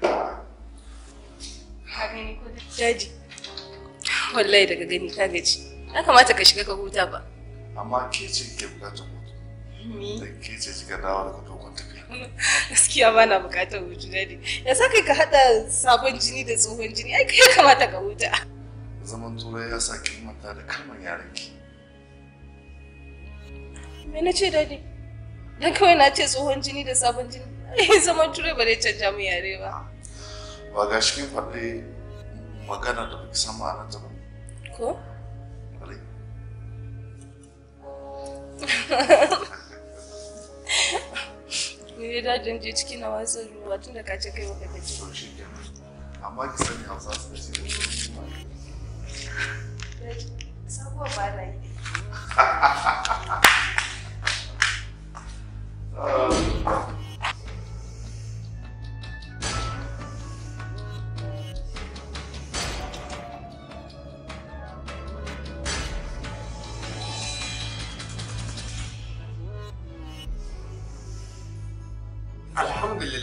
Ka Wallahi daga gani ka gaji. Ya kamata ka shiga ka huta ba. Amma ke ce ke bukatar hutu. Me? Da ke ce kika dawo daga dogon tafiya. Gaskiya ba na bukatar hutu dadi. Ya sa kai ka haɗa sabon jini da tsohon jini. Ai kai ya kamata ka huta. Zaman turai ya sa ki manta da kalmar yaranki. Me na ce dadi? Dan kawai na ce tsohon jini da sabon jini. Zaman turai ba zai canja mu yare ba. ba ga shi faɗi magana da baki san ma'anar ta ba ko Ni da dajin je ciki na wasan ruwa tun da ka ce kai baka ta ci. Amma ki sani su da ce Sabuwa ba na yi. Oh.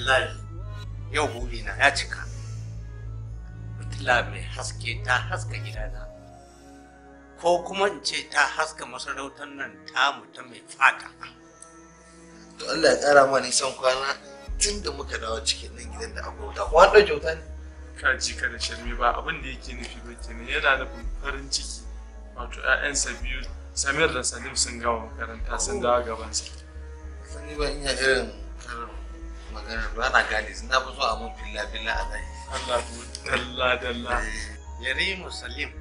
wallahi yau na ya cika fitila mai haske ta haska gidana ko kuma in ce ta haska masarautar nan ta ta mai fata to Allah ya ƙara ma nisan kwana tun da muka dawo cikin nan gidan da abota ko an ɗauke wuta ne ka ji ka da sharmi ba abin da yake nufi ba ke nan yana da farin ciki wato 'ya'yansa biyu samir da salim sun gama makaranta sun dawo gabansa sani ba ina irin maganar ba na gane su na fi so a mun filla filla a zai Allah dalla dalla eh, yarimu salim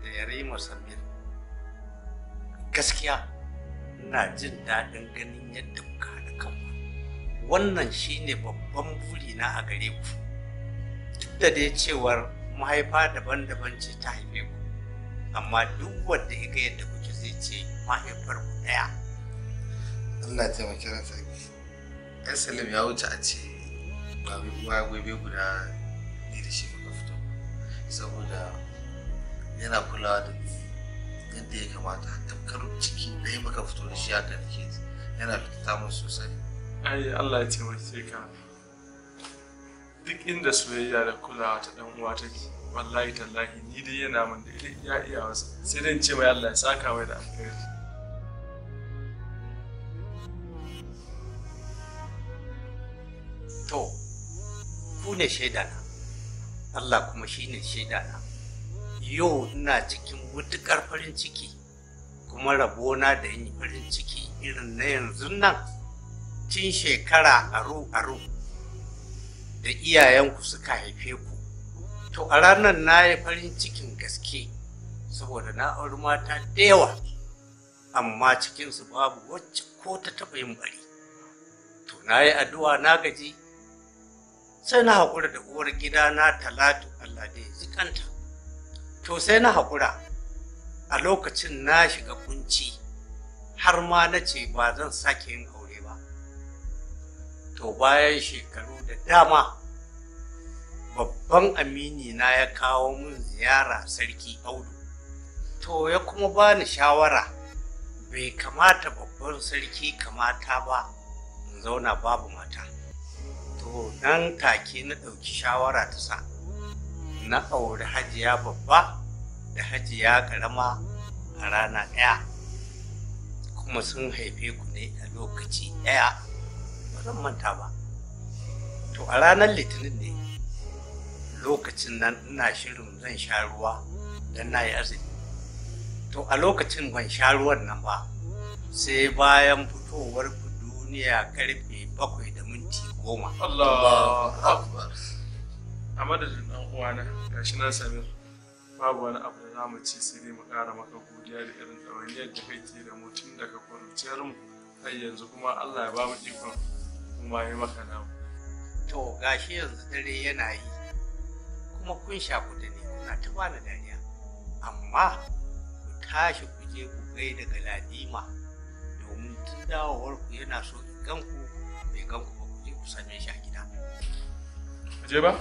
da yarimu musallim gaskiya ina jin daɗin ganin yadda kuka haɗa kanku wannan shine babban burina a gare ku duk da dai cewar mahaifa daban-daban ce ta haife ku amma duk wanda ya ga yadda kuke zai ce mahaifar ku ɗaya Allah ya taimake ransa yan salim ya wuce a ce ba wai gobe guda ni da shi ka fito saboda yana kulawa da ni yadda ya kamata tamkar ciki da ya maka fito da shi haka nake yana fitata mu sosai ai Allah ya taimake ka duk inda soyayya da kulawa ta dan uwa take wallahi tallahi ni dai yana mun da ya iya wasa sai dai in ce mai Allah ya saka mai da alheri to ku ne shaidana Allah kuma shi ne shaidana yau ina cikin matuƙar farin ciki kuma na da yin farin ciki irin na yanzu nan tin shekara aru-aru da iyayenku suka haife ku to a ranar na yi farin cikin gaske saboda na auri mata da yawa amma cikinsu babu wacce ko ta taɓa yin bari to na yi addu'a na gaji sai na haƙura da uwar gida na talatu Allah da zikanta to sai na haƙura a lokacin na shiga kunci har ma na ce ba zan sake yin aure ba to bayan shekaru da dama babban amini na ya kawo min ziyara sarki audu to ya kuma bani shawara bai kamata babban sarki kamata ba in zauna babu mata to nan take na ɗauki shawara ta sa na auri hajiya babba da hajiya karama a rana ɗaya kuma sun haife ku ne a lokaci ɗaya ba zan manta ba to a ranar litinin ne lokacin nan ina shirin zan sha ruwa don na yi azumi to a lokacin ban sha ruwan nan ba sai bayan fitowar ku duniya karfe bakwai da minti goma. Allah Akbar. A madadin ɗan uwana gashi nan Samir babu wani abu da zamu ci sai dai mu ƙara maka godiya da irin ɗawainiyar da kake da mutum daga kwanciyar mu har yanzu kuma Allah ya ba mu ikon kuma yi maka namu. To gashi yanzu dare yana yi kuma kun shaku da ne kuna ta bani dariya amma ku tashi ku je ku gaida ladima. tun dawowar ku yana so in gan bai ganku ba ku je ku same shi a gida je ba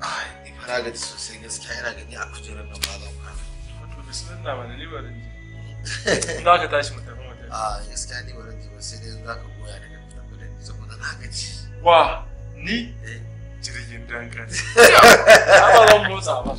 Ai, fara gaji sosai gaskiya yana gani a kujerar nan ba Wato Za ka tashi mu tafi ah, gaskiya ba sai dai za ka goya daga da ni saboda na gaji. Wa ni? Eh. jirgin dankali. Ba zan motsa ba.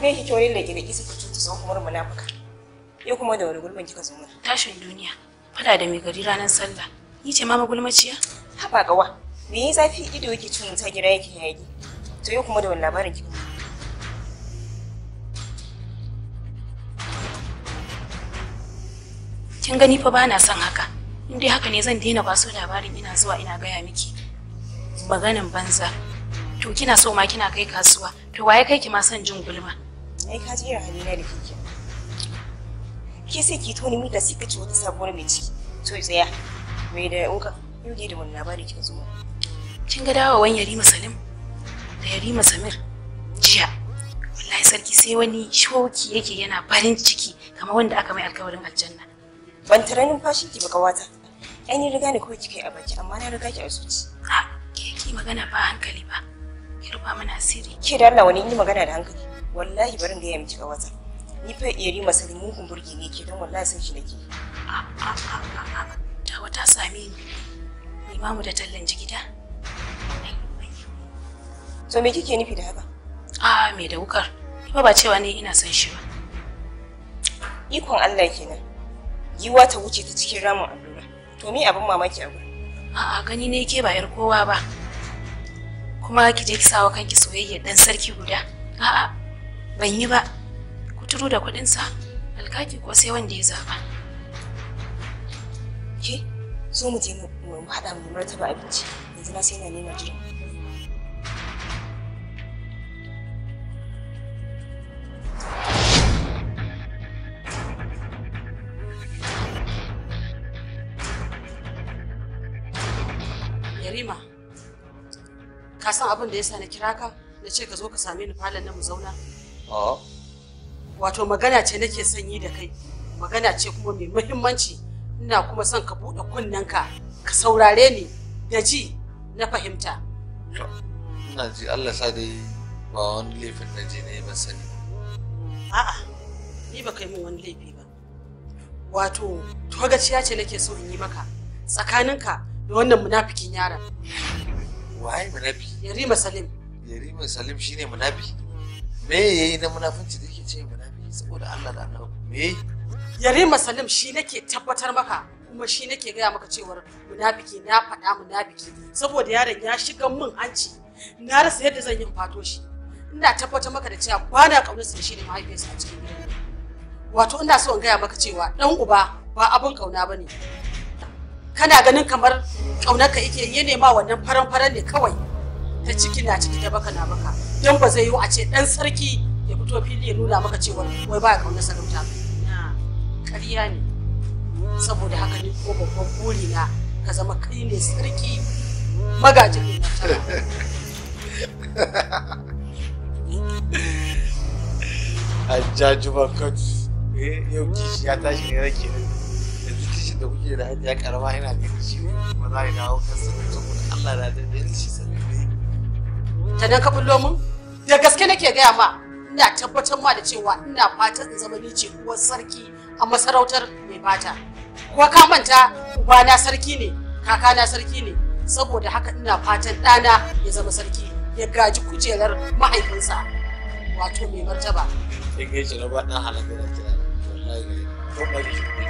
me kike wani lege da kisa kike tuzo kuma munafuka ya kuma da wani gulman kika zo mana tashin duniya fada da mai gari ranar sallah ni ce ma magulmaciya haba gawa me yi zafi ido yake cin ta gida yake yayi to yi kuma da wani labarin kika kin gani fa bana son haka in dai haka ne zan daina so labarin ina zuwa ina gaya miki maganan banza to kina so ma kina kai kasuwa to waye kai ki ma son jin gulma ai ka ji halina da kike ki sai ki toni mita sai kace wata sabuwar mai ciki to tsaya mai da unka yau da wani labarin kika zo kin ga dawowan yarima salim da yarima samir jiya wallahi sarki sai wani shoki yake yana farin ciki kamar wanda aka mai alkawarin aljanna ban tare numfashin ki ba kawata ai riga ne kawai kike a baki amma na riga ki a zuci a ke ki magana ba hankali ba ki ruba mana asiri ke da Allah wani yi magana da hankali wallahi barin ga ya miki kawata ni fa yarima masali mun burge ne ke don wallahi san shi nake a a a a ta wata sami ni imamu da tallan ji gida So me kike nufi da haka? Ah, me da wukar. Ba ba cewa ne ina son shi ba. Ikon Allah kenan. Giwa ta wuce ta cikin ramin allura. To me abin mamaki a gurin? A'a gani ne ke ba 'yar kowa ba. Kuma ki je ki sawa kanki soyayya dan sarki guda. A'a ban yi ba. Ku turo da kuɗin sa. Alkaki ko sai wanda ya zaba. Ki Zo mu je mu haɗa mu martaba abinci. Yanzu na sai na nema jiran. abin da yasa na kira ka na ce ka zo ka same ni falon na mu zauna wato magana ce nake son yi da kai magana ce kuma mai muhimmanci ina kuma son ka buɗe kunnenka ka saurare ni da ji na fahimta ina ji Allah sa dai ba wani laifin na ji ne ban sani a'a ni ba kai min wani laifi ba wato togaciya ce nake so in yi maka tsakaninka da wannan munafikin yaron waye munafi yarima salim yarima salim shine munafi me yayi na munafunci da yake ce munafi saboda Allah da Allah me yarima salim shi nake tabbatar maka kuma shi nake gaya maka cewar munafiki na faɗa munafiki saboda yaron ya shiga min hanci na rasa yadda zan yi fato shi ina tabbatar maka da cewa ba na ƙaunarsa da shi da mahaifiyarsa a cikin gidan wato ina so in gaya maka cewa ɗan uba ba abin ƙauna ba ne kana ganin kamar ƙaunarka yake yi ne ma wannan faran faran ne kawai ta ciki na ciki ta baka na baka don ba zai yi a ce dan sarki ya fito fili ya nuna maka cewa wai ba ƙaunar sarauta ƙarya ne saboda haka ne ko babban buri na ka zama kai ne sarki magajin jajuban Kotu, eh, yau kishi ya tashi ne rake ne. da kuke da hajiya karama yana da shi ba za ka kawo kansa ba saboda Allah na da dalilci sannan ne ta dan ka bullo mun da gaske nake gaya ma ina tabbatar ma da cewa ina fatan in zama ni ce uwar sarki a masarautar mai fata ko ka manta Uba na sarki ne Kaka na sarki ne saboda haka ina fatan ɗana ya zama sarki ya gaji kujerar mahaifinsa wato mai martaba sai kai shi raba ɗan halaka da kira wallahi shi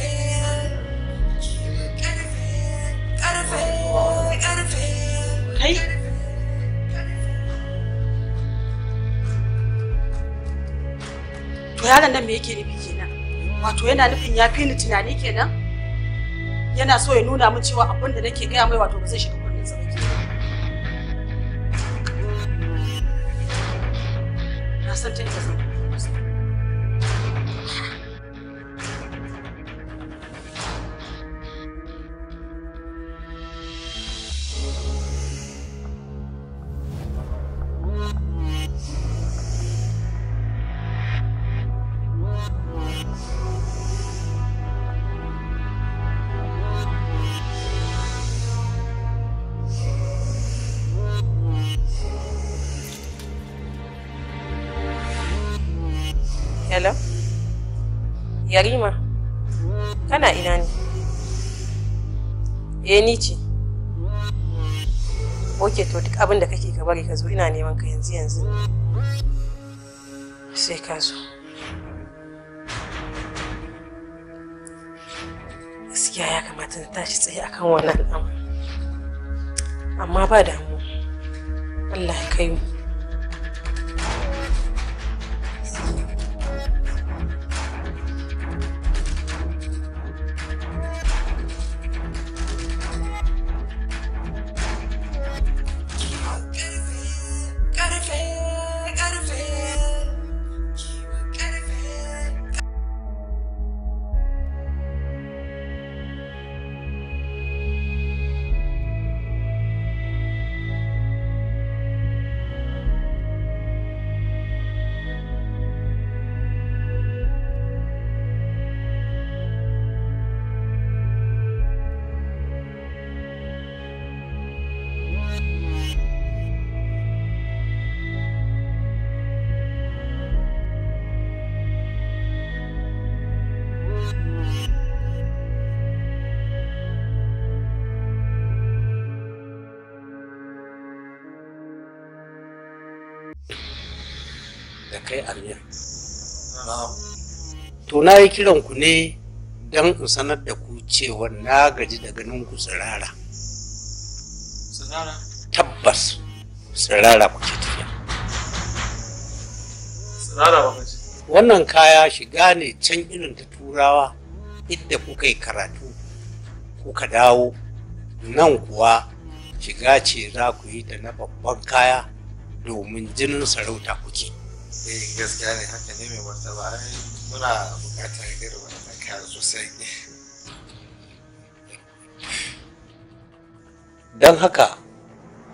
yaron nan me yake nufi kenan wato yana nufin ya fi ni tunani kenan yana so ya nuna min cewa abin da nake gaya mai wato ba zai shiga eh ni ce ok to duk abin da kake ka bari ka zo ina neman ka yanzu yanzu sai ka zo gaskiya ya kamata na tashi tsaye akan wannan al'amu amma ba damu Allah ya kai mu to na yi kiran ku ne don in sanar da ku cewa na gaji da ganin ku tsirara tabbas tsirara ce tafiya tsirara wannan kaya shiga ne can irin ta turawa inda kuka yi karatu kuka dawo nan kuwa shiga ce za ku yi da na babban kaya domin jinin sarauta kuke. Eh, gaskiya ne haka ne mai martaba muna bukatar irin wannan kayan sosai don haka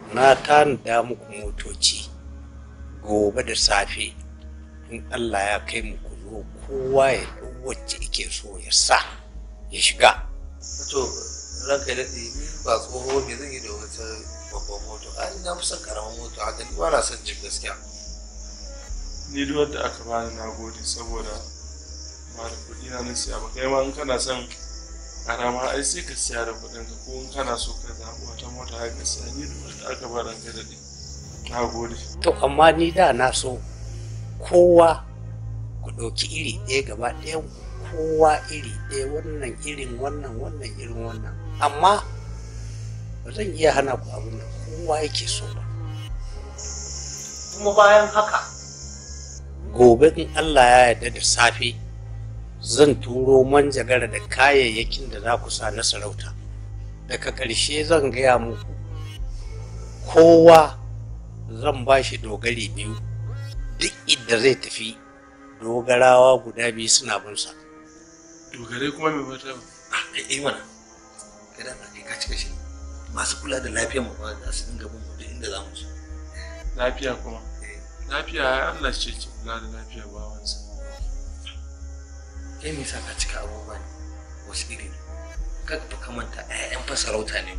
na tanada muku motoci gobe da safe in allah ya kai mu ku kowa ya wacce ike so ya sa ya shiga to ranka da ni ba tsoho ne zan yi da wata babban moto a ina fi son karamin moto a ni ba na son jin gaskiya ni duk wanda aka bani na gode saboda ba da kuɗi na siya ba kai ma in kana son karama ai sai ka siya da kudin ka ko in kana so ka zaɓi wata mota ka siya ni da da aka bara da daɗe na gode. to amma ni da na so kowa ku ɗauki iri ɗaya gaba ɗaya kowa iri ɗaya wannan irin wannan wannan irin wannan amma ba zan iya hana ku abin da kowa yake so ba. kuma bayan haka gobe in Allah ya yarda da safe zan turo manjagara da kayayyakin da za ku sa na sarauta daga ƙarshe zan gaya muku kowa zan ba shi dogari biyu duk idda zai tafi dogarawa guda biyu suna bunsa dogarai kuma mai mata ba a ɗaya mana kada na kai kaci kashi masu kula da lafiyar mu ba za su dinga bin mu inda za mu so lafiya kuma eh. lafiya Allah ce ke kula da lafiya bawansa kai me yasa ka cika abubuwa ne wasu iri kar ka manta yayan fa sarauta ne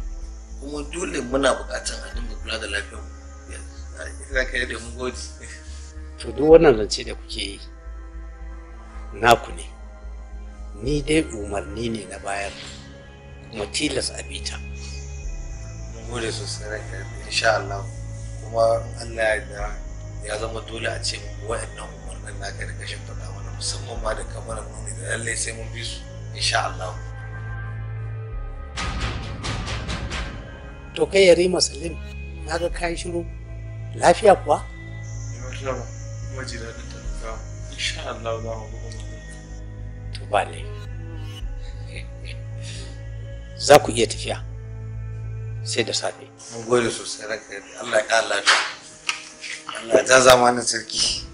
kuma dole muna buƙatar a dinga kula da lafiyar mu za ka yi da mun gode to duk wannan zance da kuke yi naku ne ni dai umarni ne na bayar kuma tilas a bita mun gode sosai ranka insha Allah kuma Allah ya ya zama dole a ce mu wa'annan umarnin naka da kashin faɗa musamman ma da kamar muni da lallai sai mun bi su insha Allah to kai yare masalim na ga kayi shiru lafiya kuwa kuma insha Allah za mu buga to ba ne za ku iya tafiya sai da safe mun gode sosai ranka Allah ya ƙara lafiya Allah ya ta zamanin sarki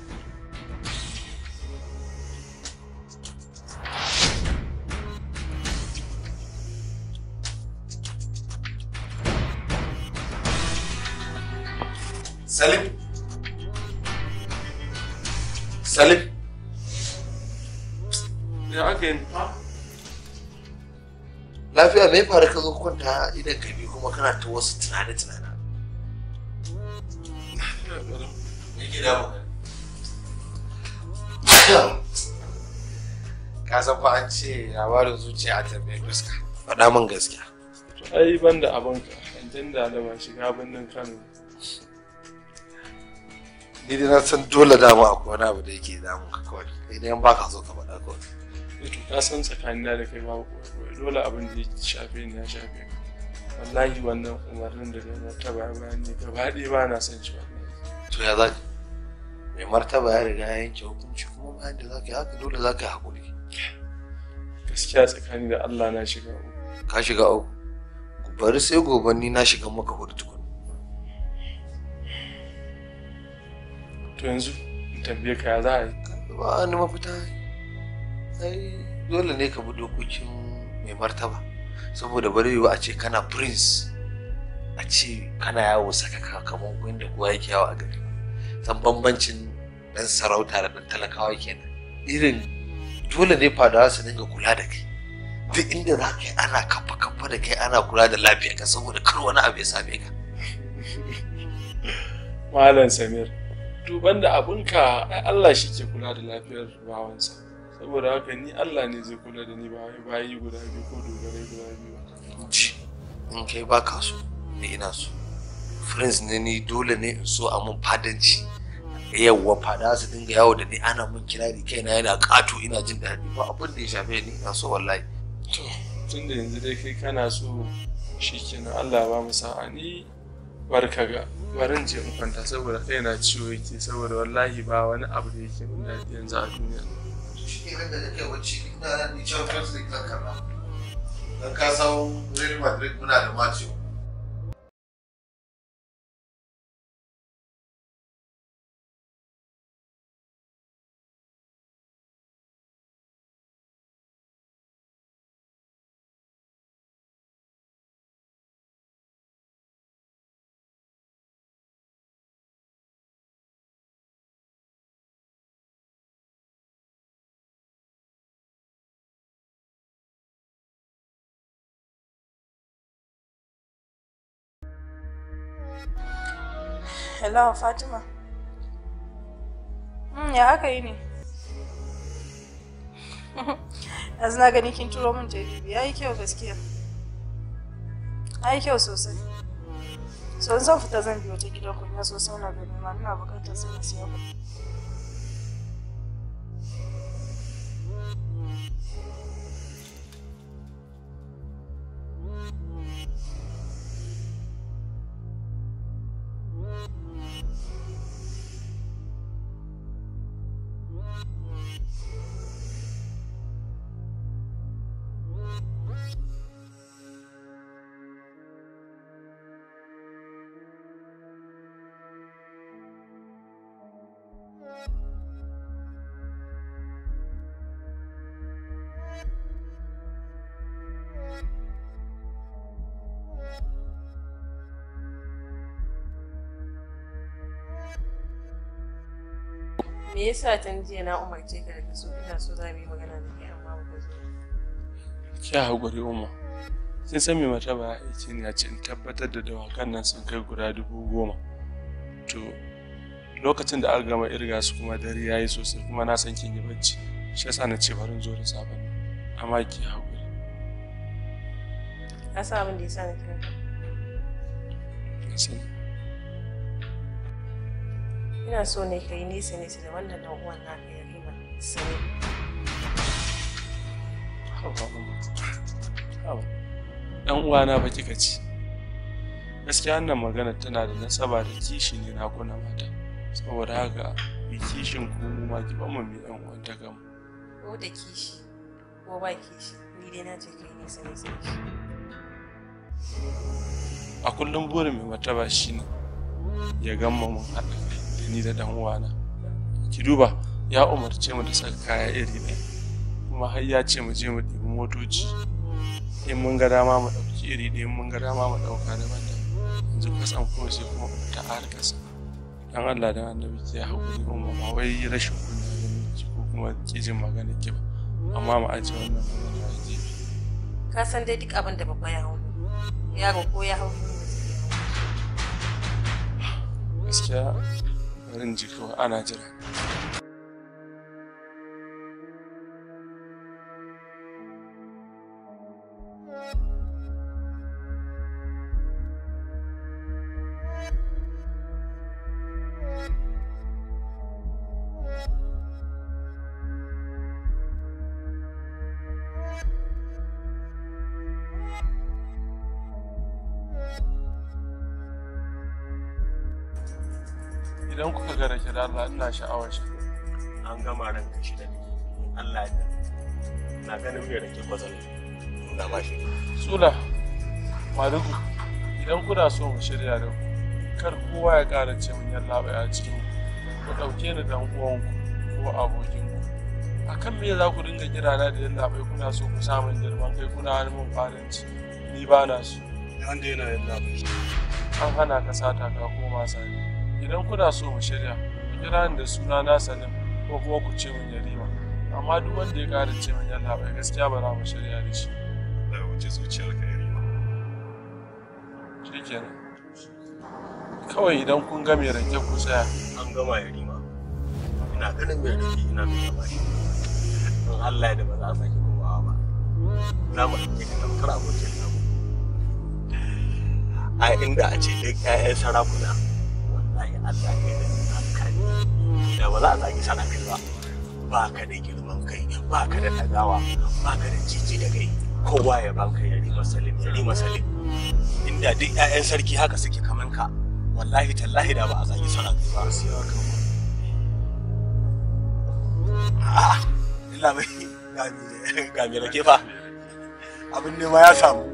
Salim. Salim. Ya aka yi Lafiya mai faru ka zo kwanta idan ka bi kuma kana ta wasu tunane-tunane. Me ke damu Ka san fa an ce labarin zuciya a tambayar fuska. Faɗa min gaskiya. Ai ban da abinka, in tun da da ban shiga birnin Kano. ni dai na san dole mu akwai wani abu da yake damun mu kawai idan ba ka so ka faɗa kawai ka san tsakanina da kai babu dole abin da ya shafe ni ya shafe ni wallahi wannan umarnin da na martaba ya bayan ne gaba ɗaya ba na son cewa to ya za mai martaba ya riga ya yanke hukunci kuma bayan da za ka yi haka dole za ka yi haƙuri gaskiya tsakani da Allah na shiga uku ka shiga uku bari sai gobanni na shiga maka hudu yanzu in tambaye ka ya za a yi ba wani mafita ai dole ne ka bi dokokin mai martaba saboda bari yiwu a ce kana prince a ce kana yawo saka kamar da kowa yake yawo a gari san bambancin dan sarauta da dan talakawa kenan irin dole ne fadawa su dinga kula da kai duk inda za ka yi ana kafa kafa da kai ana kula da ka saboda kar wani abu ya same ka malam samir duban da abinka ai Allah shi ke kula da lafiyar bawansa saboda haka ni Allah ne zai kula da ni ba bayi guda biyu ko dogare guda biyu ci in kai ba ka so ni ina so friends ne ni dole ne in so a mun fadanci yawwa fada su dinga yawo da ni ana mun kirari kaina yana kato ina jin daɗi ba abin da ya shafe ni ina so wallahi to tunda yanzu dai kai kana so shi kenan Allah ba mu sa'a ni barka ga barin je in kwanta saboda kai na ciwo yake saboda wallahi ba wani abu da yake min daɗi yanzu a duniya shi ne da kake wacce ina ni cewa Chelsea kan ba dan ka san Real Madrid muna da match hello fatima hmm, ya aka yi ne yanzu na gani kin turo mun jaribi ya yi kyau gaskiya ya yi kyau sosai so zan fita zan biyo ta gidan kunya sosai na gani ma ina bukatar sai na siya kuɗi me yasa tun jiya na umarce ka da ka so ina so za mu yi magana da kai amma ba ka zo ki haƙuri umma sai san mai mata ba ya ce ni a ce in tabbatar da dawakan nan sun kai guda dubu goma to lokacin da aka gama irga su kuma dare ya yi sosai kuma na san kin yi bacci shi yasa na ce barin zo da safe amma ki hakuri. ka san abin da yasa na kira ka sani ina so ne ka yi nesa nesa da wannan dan uwan ka ya ma sani dan uwana ba kika ci gaskiya wannan magana tana da nasaba da kishi ne na kuna mata saboda haka bi kishin ku mu ma ki bamu mi dan uwan ta mu ko da kishi ko ba kishi ni dai na ce ka yi nesa nesa a kullum burin mai shi ne ya gama mun haɗa kai da ni da dan uwana ki duba ya umarce mu da saka kaya iri ne kuma har ya ce mu je mu dubi motoci in mun ga dama mu dauki iri ɗaya mun ga dama mu dauka daban daban yanzu ka san kuma sai kuma ta arka sa dan Allah dan annabi ki hakuri haƙuri umma ba wai rashin kunya ne ki ko kuma ki jin magana ki ba amma mu aje wannan ka san dai duk abin da babba ya hau yaro ko ya hau gaskiya Barin jiko ana jira. idan kuka gara rake da Allah ina sha'awar shi an gama ran kashi da Allah ya na ganin mai rake kwazal ga ba shi sula maluku idan kuna so mu shirya da kar kowa ya ƙara ce mun yalla a cikin ku ɗauke ni dan uwanku ko abokinku kan me za ku dinga kira na da yalla bai kuna so ku samun girman kai kuna hannun faranci ni ba na so an daina yalla an hana ka sata ka koma sani idan kuna so mu shirya ku kira ni da suna na salim ko kuma ku ce min yarima amma duk wanda ya kara ce min yalla bai gaskiya ba za mu shirya da shi da wuce zuciyarka yarima shikenan kawai idan kun ga mai rage ku tsaya an gama yarima ina ganin mai rage ina mai shi. don Allah ya da ba za a sake komawa ba na mu ɗauke ka tamkar abokin namu a inda a ce duk 'ya'yan sarakuna Allah ya hankali da ba za a zagi sanafi ba ba ka da girman kai ba ka da tagawa ba ka da jiji da kai kowa ya ba ka yari masalim yari masalim inda duk 'ya'yan sarki haka suke kaman ka wallahi tallahi da ba a zagi sanafi ba su yawa kan a'a illa mai ga mai rake kefa abin nema ya samu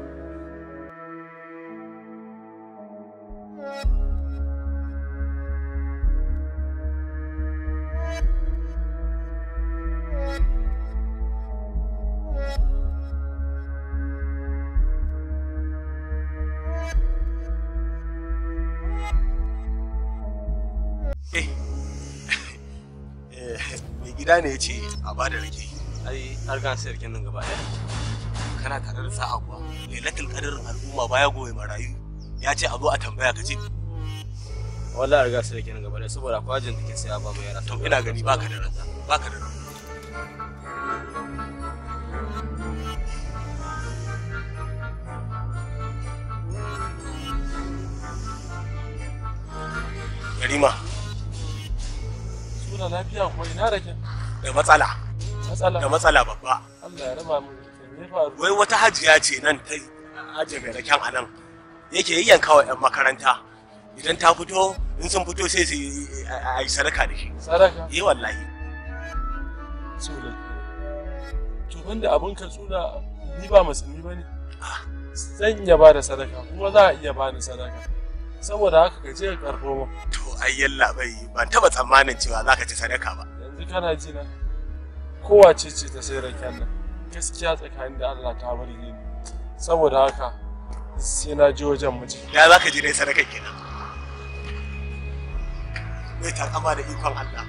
gane ya ce a ba da rake ai har gan sai raken nan gaba ɗaya kana tare da sa'a kuwa lailatul qadar al'umma baya gobe marayu ya ce a zo a tambaya ka ce wallahi gan sai raken nan gaba ɗaya saboda akwai ajin take sai a ba mu yara to ina gani baka da ranta baka da ranta Garima. Suna lafiya kuwa ina kyau. da matsala da matsala babba wai wata hajiya ce nan ta ajiye mai raken a nan yake yi yanka wa 'yan makaranta idan ta fito in sun fito sai su yi sadaka da shi sadaka yi eh, wallahi tsula tuban da abin ka tsuna ni ba musulmi ba ne ah. zan iya ba da sadaka kuma za a iya ba da sadaka saboda haka ka je ka karfo to ai bai ban taba tsammanin cewa za ka ci sadaka ba kana jina kowacece kowace ce ta sai raken nan gaskiya tsakanin da Allah ta bari ni saboda haka sai na je wajen miji ya zaka je dai sadaka kenan mai takama da ikon Allah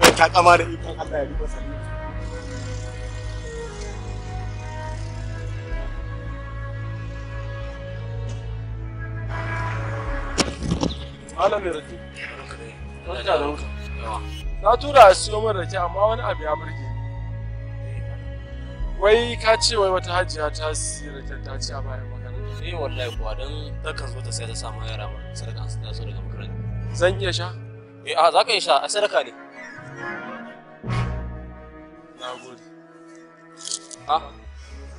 mai takama da ikon Allah ya riba sanin Malam Yaratu, wani da wanka. na tura a siyo mara rake amma wani abu ya burge ni wai ka ce wai wata hajiya ta siya rake ta ce a bayan makaranta eh wallahi kuwa don takan zo ta sai ta samu ma yara ma sadaka su daga makaranta zan iya sha eh a za ka iya sha a sadaka ne na gode ah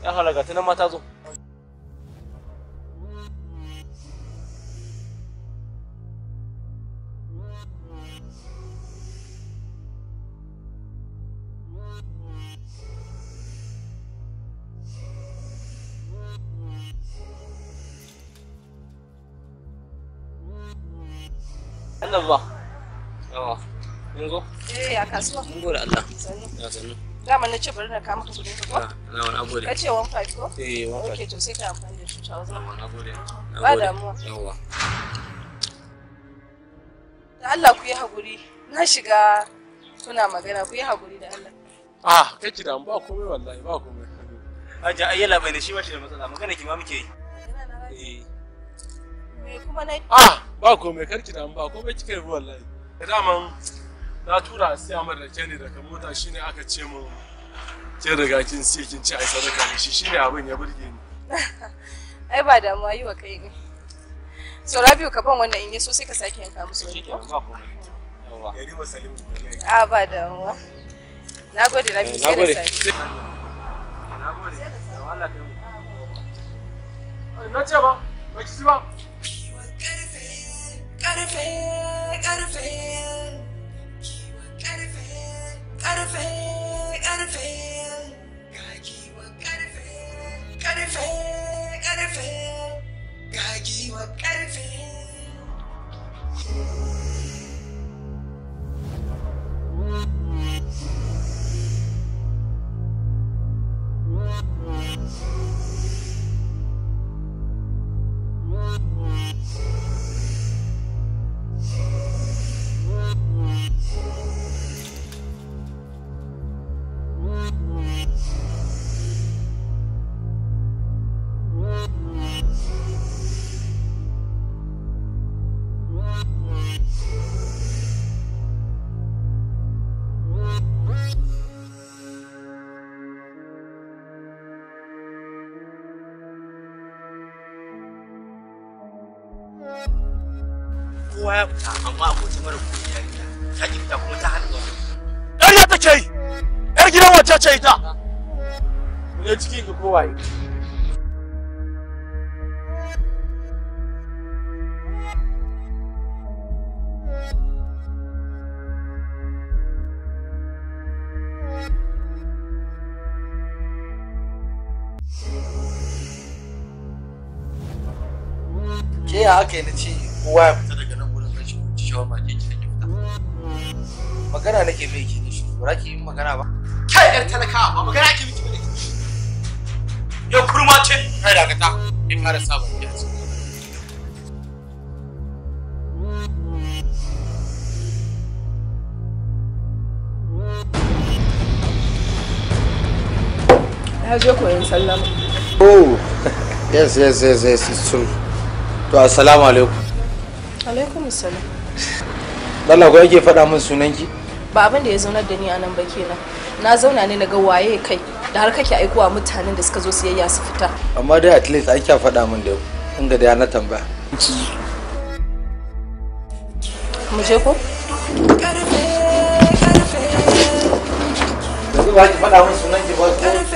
ya halaga tunan ma ta zo Allah zuwa yawa mun zo eh ya kasuwa mun gode Allah ya na ce bari na kama ka ah, na wani ce 15 ko eh 15 okay to sai ka amfani da na ba damuwa yawa da Allah ku yi haƙuri na shiga kuna magana ku yi haƙuri da Allah ah kai ki damu ba komai wallahi ba komai aja ai yalla ne shi ba shi da matsala magana ki ma muke yi eh me kuma na ah ba komai karki da ba komai kika yi wallahi da dama na tura a siya mara rake ne daga mota shine aka ce mu ke riga kin siya kin ci ai sadaka ne shi shine abin ya burge ni ai ba da mu yi kai ne so rabiu ka ban wannan in so sai ka sake yanka musu wani ko a ba da na gode rabiu eh, sai da eh, na gode eh, Allah yi na ce ba ba ki ci ba Gotta fail, gotta fail. baya fita amma abokin mara kuɗi ya gida ta ki fita kuma ta hannu take yi ƴar gidan wacce ce ita ku ne ki aka yi cewa mage ki take fita magana nake mai ki ne shi ba ki yi magana ba kai yar talakawa ba magana ake miki bane yau kurma ce kai daga ta in fara sabon ya ce Ya je koyon sallama. Oh, yes, yes, yes, yes, it's true. To, assalamu alaikum. Alaikum assalam. Allah ko yake faɗa min sunanki? Ba abin da ya zaunar da ni a nan ba kenan. Na zauna ne na ga waye kai da har kake aikowa mutanen da suka zo siyayya su fita. Amma dai at least ai kya faɗa min da ga da na tambaya. Mu je ko? Yanzu ba ki faɗa min sunanki ba ko?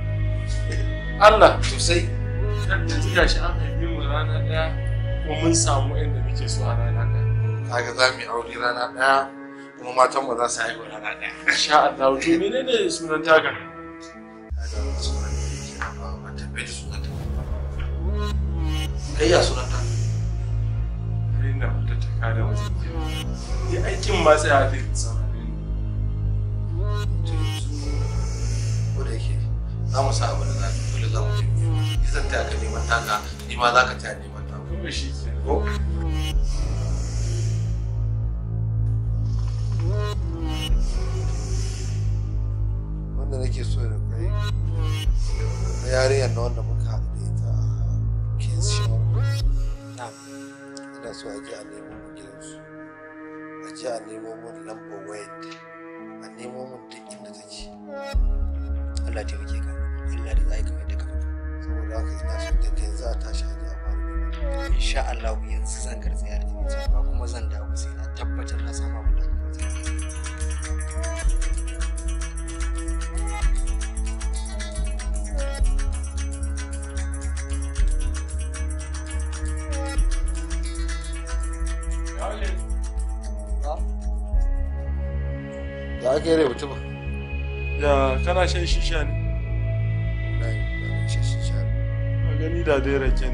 Allah sosai yanzu ga shi aka yi mu rana ɗaya kuma mun samu inda muke so a rana ɗaya kaga za mu yi aure rana ɗaya kuma matan ba za su haihu rana ɗaya insha Allah to menene sunan taka kai ya sunan ta rinna ta taka da wasu ni aikin ma sai a dai saurare ni ko da yake za mu sa abu da za mu da za mu je ni zan taya ka neman taka ni ma za ka taya neman taka ko wanda nake so da kai na yarinyar na wanda muka haɗu da ita a kinshon ina so a ji a nemo mu gidansu a ji a nemo mu lambar wayar a nemo mu duk inda take Allah ta taimake ka illa da zai kamar da saboda haka ina so da kai za ta sha a fara insha Allah yanzu zan garzaya da tafi ba kuma zan dawo sai na tabbatar na samu abin da Ya ake rai mutum? Ya kana shan shisha da dai rake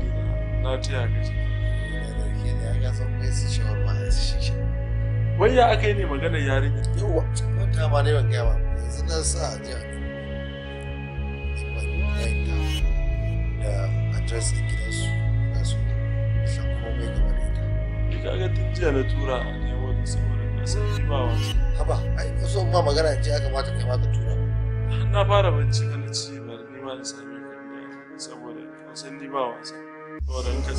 na taya ka ce wai ya aka yi ne maganar yarinya yawa wata ma ne ban gaya ba yanzu na sa a jiya da adres ɗin su na su san komai game da ita duk ga tun jiya na tura a ne wani saboda na san ba wani haba ai so ma magana ce aka mata kai ma ka tura na fara bincika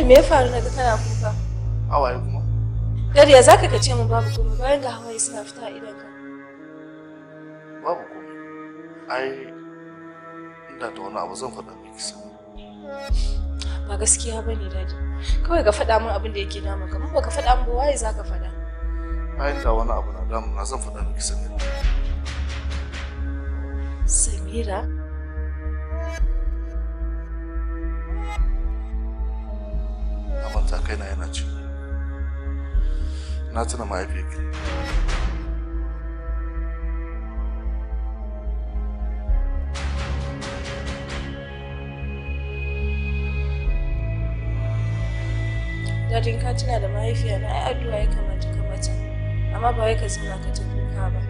Dadi me ya faru na ga kana kuka? Hawaye kuma. Dadi ya zaka kace mun babu komai bayan ga hawaye suna fita a idanka. Babu komai. Ai ina da wani abu zan faɗa miki sai. Ba gaskiya bane dadi. Kawai ka faɗa min abin da yake damun ka. ba ka faɗa min ba waye zaka faɗa? Ai da wani abu na damun na zan faɗa miki sai. Samira. kai na yana ci na tuna mahaifiyarki Dadin ka tuna da mahaifiya na ai addu'a ya kamata ka mata amma ba wai ka zauna ka ta kuka ba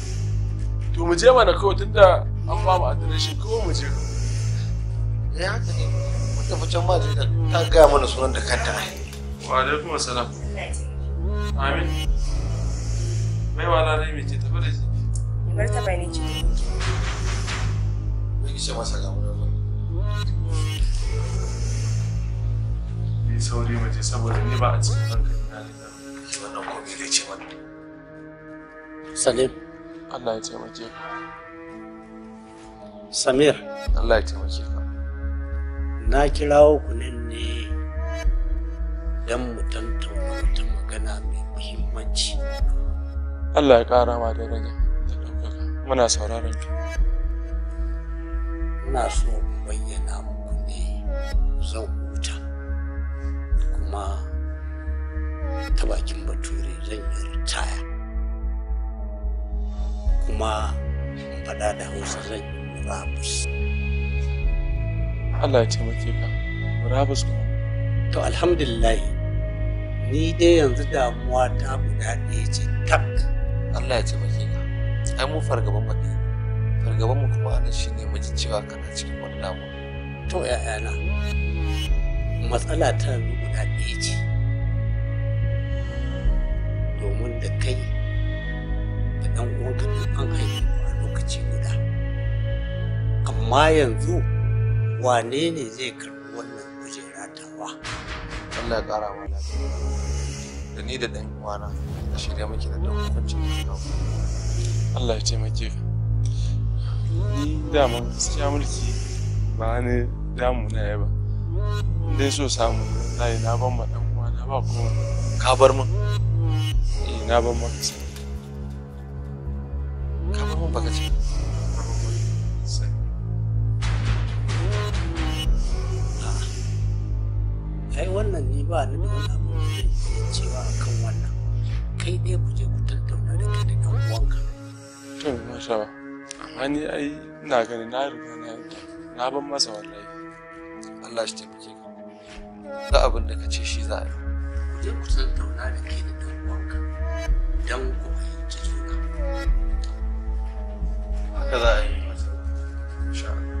to mu je mana kawai tunda an ba mu adireshin ko mu je eh haka ne mun tafi can da ta gaya mana sunan da kanta wa kuma salam. amin mai wala ne mai ce ta da shi bar ta bani ce bai kishe masa ga da ba ni sauri mu je saboda ni ba a cikin hankali na ne wannan komai zai ce mana Salim, Allah ya taimake ka Samir Allah ya taimake ka na kirawo ku nan ne don mu tantauna wata magana mai muhimmanci Allah ya ƙara ma da rage da ɗaukaka muna sauraron ki ina so bayyana muku ne zan huta kuma ta bakin bature zan yi ritaya kuma faɗa da hausa zan murabus Allah ya taimake ka murabus kuma to alhamdulillah ni dai yanzu damuwa ta guda ɗaya ce tak Allah ya taimake ka ai mu fargaban mu ɗaya fargaban mu kuma anan shi ne ji cewa kana cikin wani damuwa. to ƴaƴana matsala ta guda ɗaya ce domin da kai amma yanzu wane ne zai karɓi wannan kujera tawa Allah ya kara mana da ni da ɗan uwana a shirya muke da ɗan hukuncin Allah ya taimake ka ni dama gaskiya mulki ba da damu na yaba dai so samu dai na ban ma ɗan uwana ba kuma ka bar min eh, na ban ma ka bar min baka ce masa amma ni ai ina ganin na riga na na ban masa wallahi Allah shi taimake ka Za abin da ka ce shi za a yi ku je ku tattauna da ke da dan uwanka dan ku fahimci juna haka za a yi masa insha Allah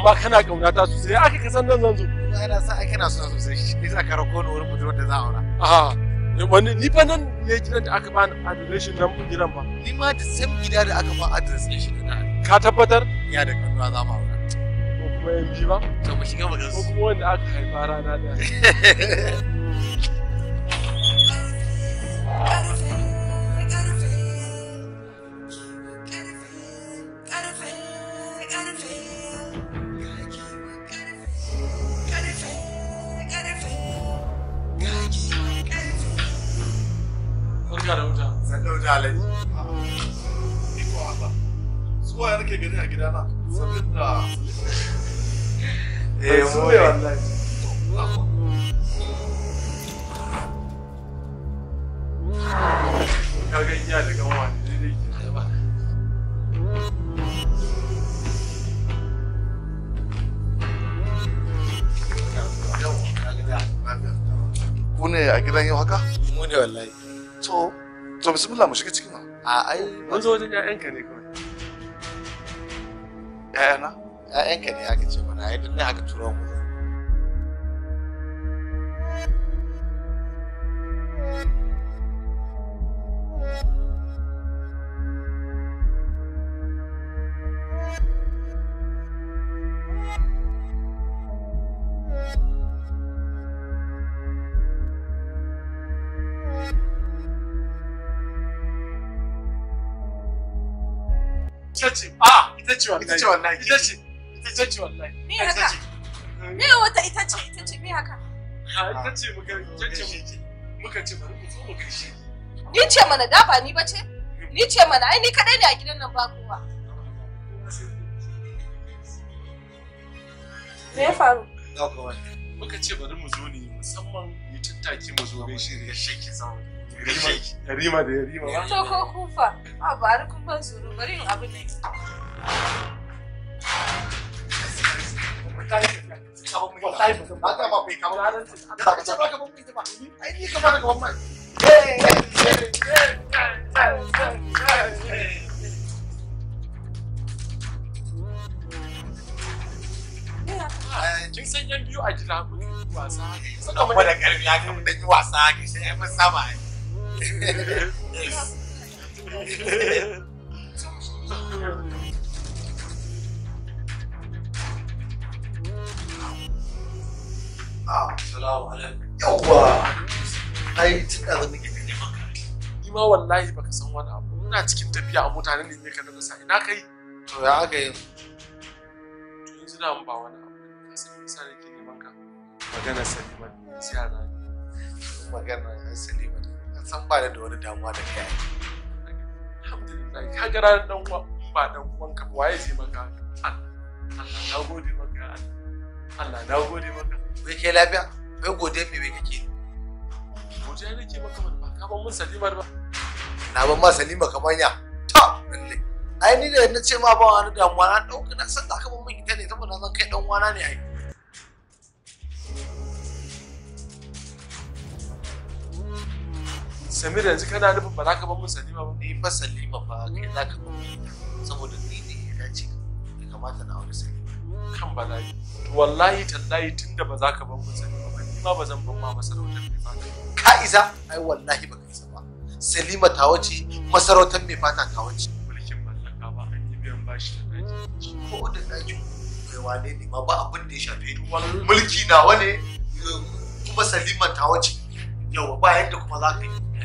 amma kana kaunata sosai aka kasan nan zan zo ina sa ake na son sosai shi za ka rako ni wurin budurwar da za a aura a wani ni fa nan ne gidan da aka bani adireshin nan gidan ba ni ma da sam gida da aka ba adres ne shi da ka tabbatar ya da kanuwa za mu aura ko kuma yan bi ba to mu shiga magana ko kuma wanda aka haifa rana da alai iko Allah suwa ya nake a eh, ne wallahi kaga iya da su ne dai ke ba ku ne a gidan yau haka mu ne To bismillah mu shiga cikin nan. A ai mun zo wajen ƴaƴanka ne kawai. ƴaƴana? ƴaƴanka ne aka ce mana ai duk ne aka turo mu. ita ce ah, a ita ce wallahi ita ce ita ce ita ce haka me wata ita ce ita ce me haka ah, ita ce muka ita ce muka ce bari mu zo mu gaishe ni ce mana da ba ni bace ni ce mana ai ni kadai ne a gidan nan ba kowa me ya faru muka ce bari mu zo ne musamman mu zo gaishe da Rima de Yarima da yarima. To ko kufa, a bari kun ban tsoro bari yin abu ne. Kin san yan biyu a gida kun yi wasa. Suka a ƙarfi Assalamu alaikum. Ni ma wallahi baka san wani abu. Ina cikin tafiya a mutane ne me ka da sa ina kai? To ya aka yi? To yanzu da ba wani abu. Ka san me yasa nake neman ka? Magana Salima ne, ziyara ne. Magana Salima ne. san ba da wani damuwa da kai alhamdulillah ka ga ran dan uwa ba dan uwan ka waye sai maka Allah na gode maka Allah na gode maka wai kai lafiya wai gode me wai kake ne ke maka ba ka ban mun salimar ba na ban ma salima kamar ya ta ai ni da na ce ma ba wani damuwa na dauka na san ka ba mun ita ne saboda zan kai dan uwana ne ai samir yanzu kana nufin ba za ka bamu salima ba ni eh, fa salima fa kai za ka bamu saboda ni ne ya dace ya kamata na wani salima kan ba zai to wallahi tallahi tunda ba za ka bamu salima ba ni ma ba zan bamu masarautar mai fata ka isa ai wallahi ba ka isa ba salima ta wace masarautar mai fata ta wace mulkin mallaka ba an yi biyan bashi da daji ko da daji kai wane ne ma ba abin da ya shafe ni mulki nawa ne kuma salima ta wace yau ba yadda kuma za ka yi